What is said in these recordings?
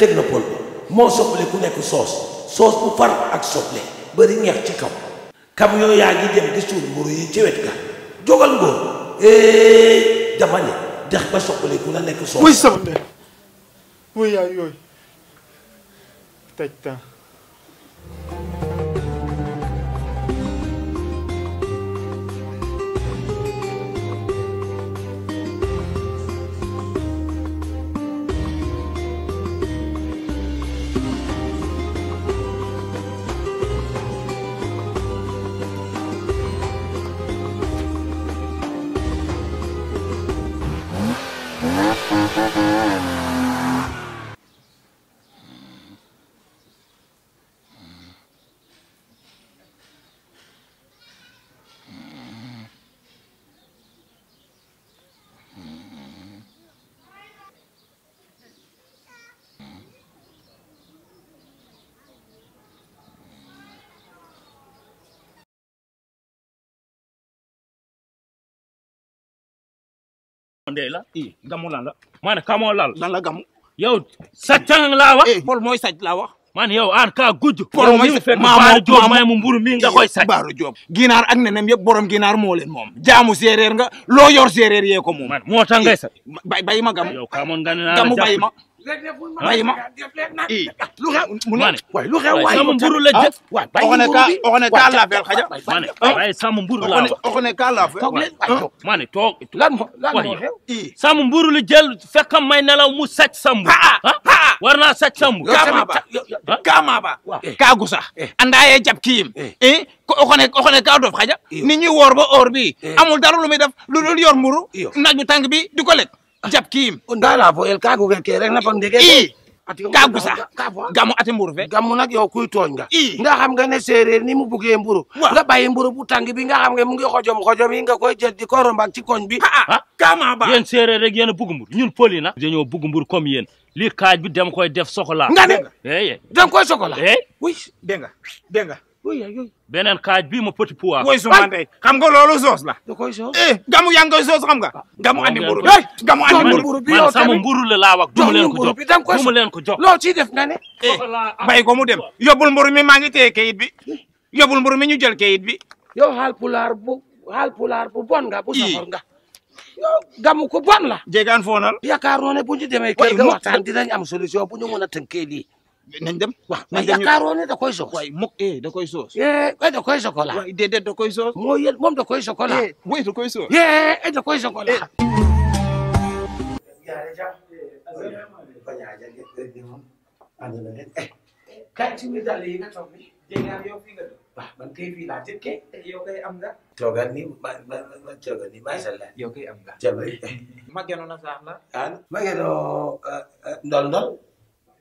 technopole bi moo soppali ku nekk soos soos bu far ak soble bari ñeex ci kaw camion yaa ngi dem di suul mburu yi ci wet ga jógal ngóor dama ne dex ba soppali ku la nekk soos muy sama ndey yaay yooyu taj temps ndeey la i gamu lan la man kamoo lal lan la gamu yow satan laa wax eh Paul mooy saj laa wax man yow aan ka gujj Paul mooy maamu joob may mu mburu mi nga koy saj baaru joob ginaar ak nenem yëpp borom ginaar moo leen moom jaamu séeréer nga loo yor séeréer yee moom moo gamu gamu bay waaye ma i lu xew mu ne waaye lu xew waaye sama mburu la jëf ah, waaye ka la fel xaja waaye sama la oxone ka la fel ma ne toog lan mo la jël fekkam may nelaw mu sàcc sa mburu ah, war naa sàcc sa mburu ka ma ba ka gusa anda ye jab kiim eh o xone o xone ka dof xaja nit ñi bi eh. amul dara lu muy def lu dul yor mburu naaj bu tàng bi di ko lekk jabkiim o ndaala fo el kaaguge ke rek na fo ndege ka gusa gamu ati mburu fe gamu nag yow kuy tooñ nga nga xam nga ne séeréer ni mu buggee mburu nga bàyyi mburu bu tàng bi nga xam nga mu ngi xojom xojom yi nga koy jël di ko rombak ci koñ bi ah. kama ba yéen séeréer rek yéen a bugg mburu ñun pël yi nag dañoo bugg mburu comme yéen lii kaaj bi dem koy def sokola nga ne dam eh, eh. koy sokola oui eh? dégg nga dégg nga beneen kaaj bi ma petit pois. woy suma xam nga loolu soos la. da koy soos eh gamu yaa ngi koy soos nga. Ah, gamu andi mburu bi gamu andi mburu bi man sama mburu la laa wax. duma leen ko jox leen ko jox. loo ciy def nga ne. eh oh, ah. bàyyi ko mu dem yóbbul mburu mi maa ngi téye kayit bi yóbbul mburu mi ñu jël kayit bi. yow xaal pulaar bu xaal pulaar bu bon nga bu safar nga. yow gamu ko bon la. jegaan foonal. yaakaar naa ne bu ñu demee kër ga waxtaan dinañ am solution bu ñu mën a tënkee nañ dem waaw nañ dem yaakaaroo ne da koy soos waay mok eh da koy soos eh, eh da koy chocolat waay déedéet da koy soos moo yel moom da koy chocolat eh mooy da koy soos eh, eh da koy chocolat waaw eh. man kay fii laa tëkkee yow kay am nga. toogal ni ma ma ma toogal ni macha allah. yow kay am nga. jërëjëf. Maguette na sax na. ah Maguette ndol ndol.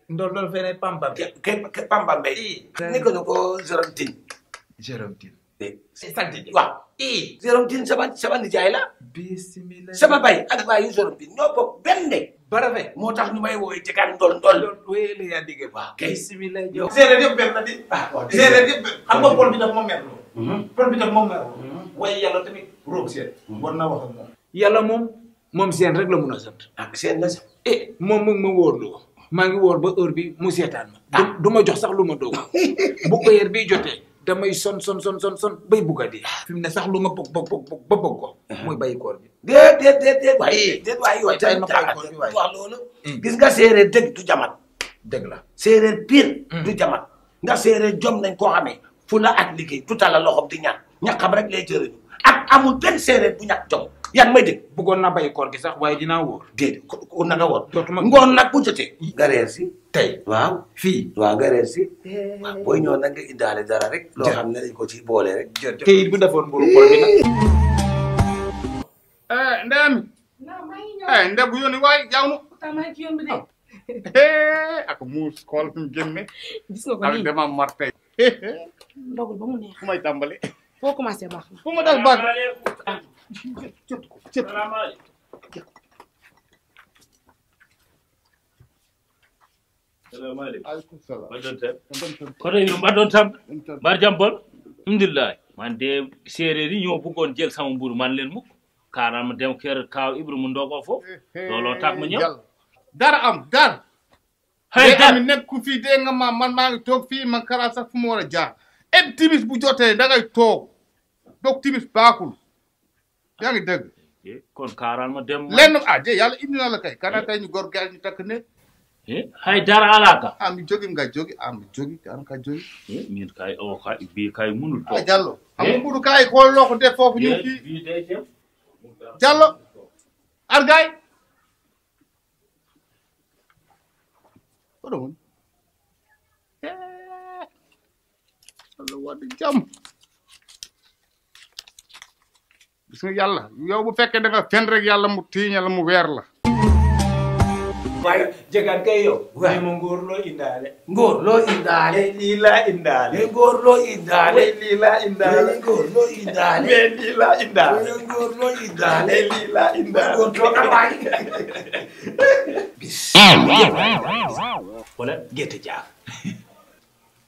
ndol ndol fene pambambe ke pambambe ni ko ko Jérôme Tine Jérôme Tine sant ji waaw i Jérôme sama sama nijaay la bismillah sama bay ak baayu Jérôme Tine ñoo bokk benn barafe moo tax ñu may woowee ci kan ndol ndol wéele yaa digge baax kay bismillah yow séeréer yëpp benn na di ah, séeréer yëpp xam nga pol bi daf ma merloo mm-hmm. pol bi daf ma merloo mm-hmm. waaye roog seen mm-hmm. war naa wax ak moom yàlla moom rek la mun a sant ah seen la sant eh moom mu ma wóorlu maa ngi woor ba heure bi mu seetaan ma du ah. ma jox sax lu ma doog bu heure bi jotee damay son son son son son bay bugg a dee fi mu ne sax lu ma bëgg bëgg bëgg ba bëgg ko uh-huh. muy bay koor bi déet déet déet déet waaye déet waaye yooyu tay ma bay koor bi waaye wax loolu mm. gis nga séeréer dëgg du jamat dëgg la séeréer pire mm. du jamat nga séeréer jom nañ koo xamee fu la ak liggéey tuta la loxoom di ñaan ñaqam rek lay jëriñu ak amul benn séeréer bu ñàkk jom yaa ngi may dégg bëggoon naa bàyyi koor gi sax waaye dinaa wóor. déedéet ko na nga wóor. dootuma ngoon nag bu jotee. gareer si tey. waaw fii waa gareer si. Eh. waaw booy nga indaale dara rek. loo xam ne dañ ko ci boole rek. jërëjëf te bu defoon mbiru koor bi nag. ndeyam. eh nde eh, bu yónni waaye jaaw nu. Eh, ak muus xool fi mu génne. ko nii ak tey. ndogul ba mu neex. baax na. fu ma dal baax jot ko jot ko. salaamaaleykum aleykum salaam mbaɗɗon tan kono ino mbaɗɗon tan mbar jam bon alhamdulillahi man de séeréer yi ñoo buggoon jël sama mburu man leen mukk karanma dem kër kaaw ibra mu ndogoo fof eh, eh, looloo tax ma ñëw dar am dar hay dar mi nekku fii de nga ma man maa ngi toog fii man kara sax fu ma war a jaar et timis bu jotee da ngay toog dog timis baakul yaa ngi eh, lenn ah jé yàlla indi naa kay. kana kay ñu gor gaal ñu takk ne. Eh, hay dara alaka. ah mi jogi nga jogi ah jogi an ka jogi. Eh, min kay o kay bi kay ah, kay xooloo ko def foofu ñu fi Diallo argay oɗo woni Allah waɗa jam gis nga yàlla yow bu fekkee da nga fen rek yàlla mu tiiña la mu weer la. waaye jegaan kay yow. waaye ma ngóor loo indaale. ngóor loo indaale. lii laa indaale. ngóor loo indaale. lii laa indaale. ngóor loo indaale. mais lii laa indaale. ngóor loo indaale. lii laa indaale. ngóor loo kabaay. bis. wala gerte jaar.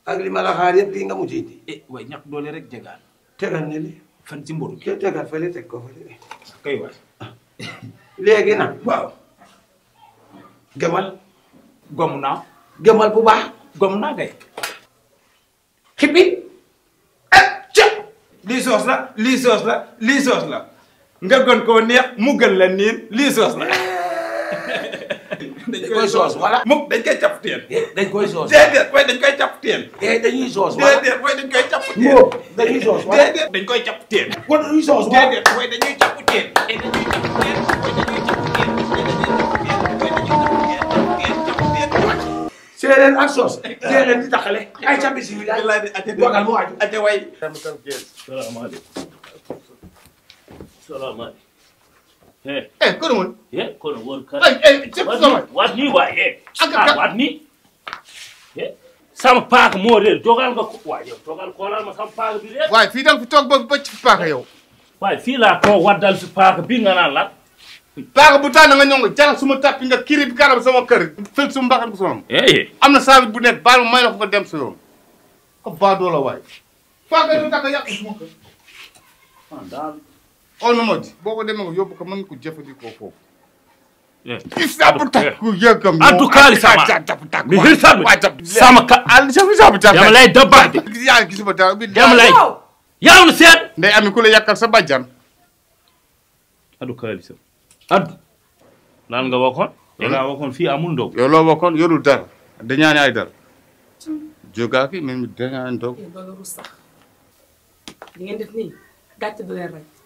ak li ma la xaar yëpp lii nga mujj indi. eh waaye ñàkk doole rek jegaan. tegal ne li. fan ci mburu kii tegal fële teg ko fële kay waay léegi nag waaw gemal gomu naa gemal bu baax gomu naa kay xippi ak ca lii soos la lii soos la lii soos la nga gën koo neex mu gën la niin lii soos la dañ koy soos wala. mukk dañ koy capp teen. Eh, dañ koy soos déedéet waaye dañ koy capp teen. Eh, dañuy soos wala déedéet waaye dañ koy capp teen. mukk dañuy soos wala déedéet dañ koy capp teen. kon dañuy soos wala déedéet waaye dañuy capp teen. Eh, dañuy capp teen waaye dañuy capp teen. séeréer ak soos. séeréer di taxale. ay ca bisimilah. wagal mu waaju. salaamaaleykum. salaamaaleykum. Eh, kono woni. Eh, kono woni kala. Eh, eh, cepp sama. Wadni wa eh. Aga ah, wadni. Eh. Sama paaka moo réer dogal nga ma sama paaka bi réer. fii da fi toog ba ba ci paaka yow. Waay fii laa ko waddal si paaka bi nga naan paaka bu tànn nga ñongo jara suma tappi nga kiri bi kanam sama kër fël suma mbaxan ko sonam eh, eh. am na saabit bu nekk baal ma may la ko nga dem sa yoon ko baadoo la waay paaka yow takk yàq suma kër on na mot boo ko demee yóbbu ko mën ko jëfandikoo foofu. hisaabu takku yëkkam. en tout cas li sama li hisaabu sama ka. yàlla lay dabbaate. yaa ngi gis ba dara bi. yàlla lay yàlla na seet. ndey ami ku la yàkkal sa bàjjan. adu kaali sa adu. lan nga waxoon. Hmm? da ngaa waxoon fii amul ndox. yow loo waxoon yorul dara dañaa ne ay dara. jógaa ki même dañaa ndox. di ngeen def nii gàcce du leen rek.